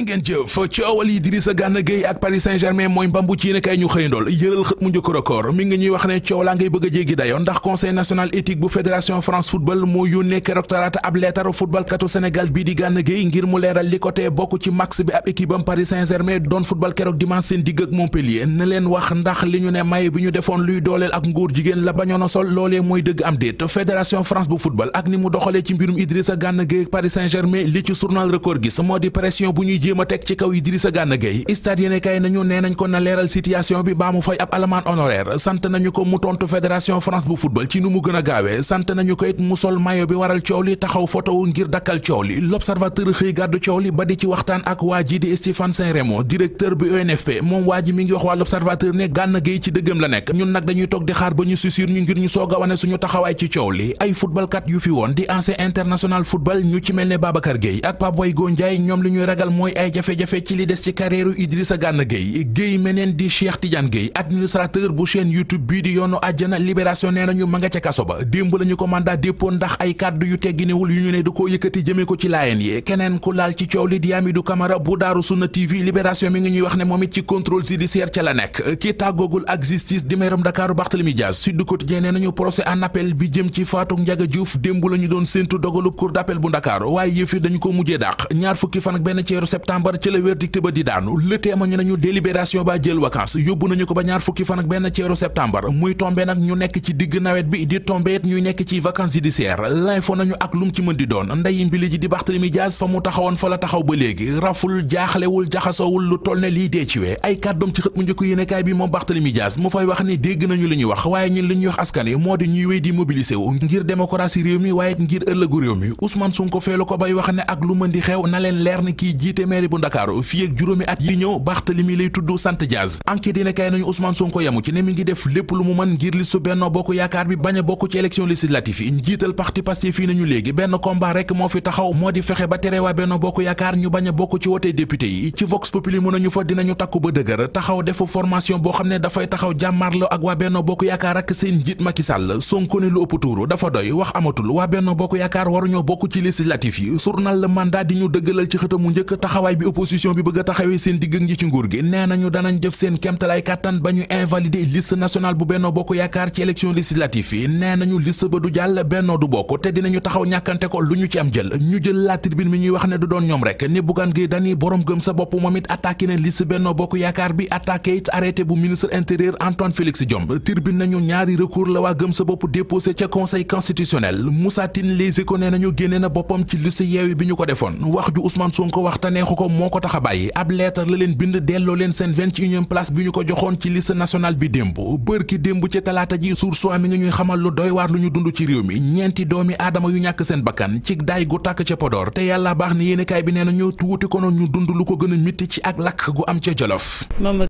jërë ngeen jëf coowal Idrissa Gana Gueye ak Paris Saint-Germain a football moo yónnee keroog talaata ab leetaru football katu Sénégal bii di Gana Gueye ngir mu leeral li ko tee bokk ci max bi ab équipe Paris Saint-Germain doon football keroog dimanche seen digg ak Montpellier na leen wax ndax li ñu ne may bi ñu defoon luy dooleel ak ngóor jigéen la bañoon a sol loolee mooy dëgg am déet fédération France bu football ak ni mu doxalee ci mbirum Idrissa Gana Gueye ak Paris Saint-Germain li ci journal record gis moo jéem a teg ci kaw Idrissa Gana Gueye stade yéene kay nañu nee ko na leeral situation bi baa mu fay ab alamaan honoraire sant nañu ko mu tontu fédération France bu football ci nu mu gën a gaawee sant nañu ko it mayo bi waral coow li taxaw photo wu ngir dakkal coow li l'observateur xëy gàddu coow li ba di ci waxtaan ak waa ji di Stéphane Saint-Rémy directeur bi ONFP e moom waa ji mi ngi wax waa l'observateur ne Gana Gueye ci dëggam la nekk ñun nag dañuy toog di xaar ba ñu susir ñu ngir ñu soog a wane suñu taxawaay ci coow li ay footballkat yu fi woon di ñu ci mel ne Babacar Gueye ak Pape Boye Ndiaye ñoom ay jafe-jafe ci li des ci carrière Idrissa Gana Gueye Gueye meneen di Cheikh Tidiane Gueye administrateur bu chaîne YouTube bii di yoonu àjjana libération nee nañu ma nga ca kaso ba démb la ko mandat dépôt ndax ay kàddu yu tegginewul yu ñu ne da koo yëkkati jëmee ko ci laayeen yi keneen ku laal ci coow li di Amidou bu Daaru Sunna TV libération mi ngi ñuy wax ne moom it ci contrôle judiciaire ca la nekk ki tàggoogul ak justice di meeram Dakaaru Barthélémy septembre ci la verdicte ba di daanu le téema ñu nañu délibération jël vacances yóbbu nañu ko ba ñaar fukki fan benn ceeru septembre muy tombe nag ñu nekk ci digg nawet bi di tombe ñuy nekk ci vacances judiciaires l'info nañu ak lum ci mën di doon ndeyi mbili ji di Barthélémy Dias fa mu taxawoon fa la taxaw ba léegi raful jaaxlewul jaxasowul lu toll ne dee ci wee ay kàddoom ci xët mu njëkk yéenekaay bi moom Barthélémy Dias mu fay wax ni dégg nañu li ñuy wax waaye li ñuy wax askan yi mairie bu ndakaaru fii ak juróomi at yi njiital parti Pastef fii nañu léegi benn combat rek moo fi taxaw moo di fexe ba tere waa Benno Bokk Yaakaar ñu bañ bokk ci wote député yi ci Vox Populi mu nañu fa dinañu takku ba dëgër taxaw def formation boo xam ne dafay taxaw jàmmarloo ak waa Benno Bokk Yaakaar ak seen njiit Macky Sall lu ëpp tuuru dafa doy wax amatul waa Benno Bokk Yaakaar waruñoo bokk ci législative yi journal Mandat di dëggalal ci xëtamu njëkk taxawaay bi opposition bi bëgg a taxawee seen digg ak ñi ci nguur gi nee nañu danañ def seen kemtalaay kàttan ba ñu invalider liste nationale bu Benno Bokk Yaakaar ci élection législative yi nee nañu liste ba du jàll Benno du bokk te dinañu taxaw ñàkkante ko lu ñu ci am jël ñu jël la tribune mi ñuy wax ne du doon ñoom rek ni Bougane Gueye Dany borom gëm sa bopp moom it attaqué na liste Benno Bokk Yaakaar bi attaqué it arrêté bu ministre intérieur Antoine Félix sa bopp déposé ca conseil constitutionnel Moussa Tine Les ko defoon wax neexu ko moo ko tax a bàyyi ab lettre la leen bind delloo leen seen vingt et bi ñu ko joxoon ci liste nationale bi démb bërki démb ci talaata ji source mi ngi ñuy xamal lu doy waar lu ñu dund ci réew mi ñeenti doomi aadama yu ñàkk seen bakkan ci daay gu tàkk ca Podor te yàlla baax ni yéenekaay bi nee na ñu tuuti ko noonu ñu dund lu ko gën a mitti ci ak lakk gu am ca Jolof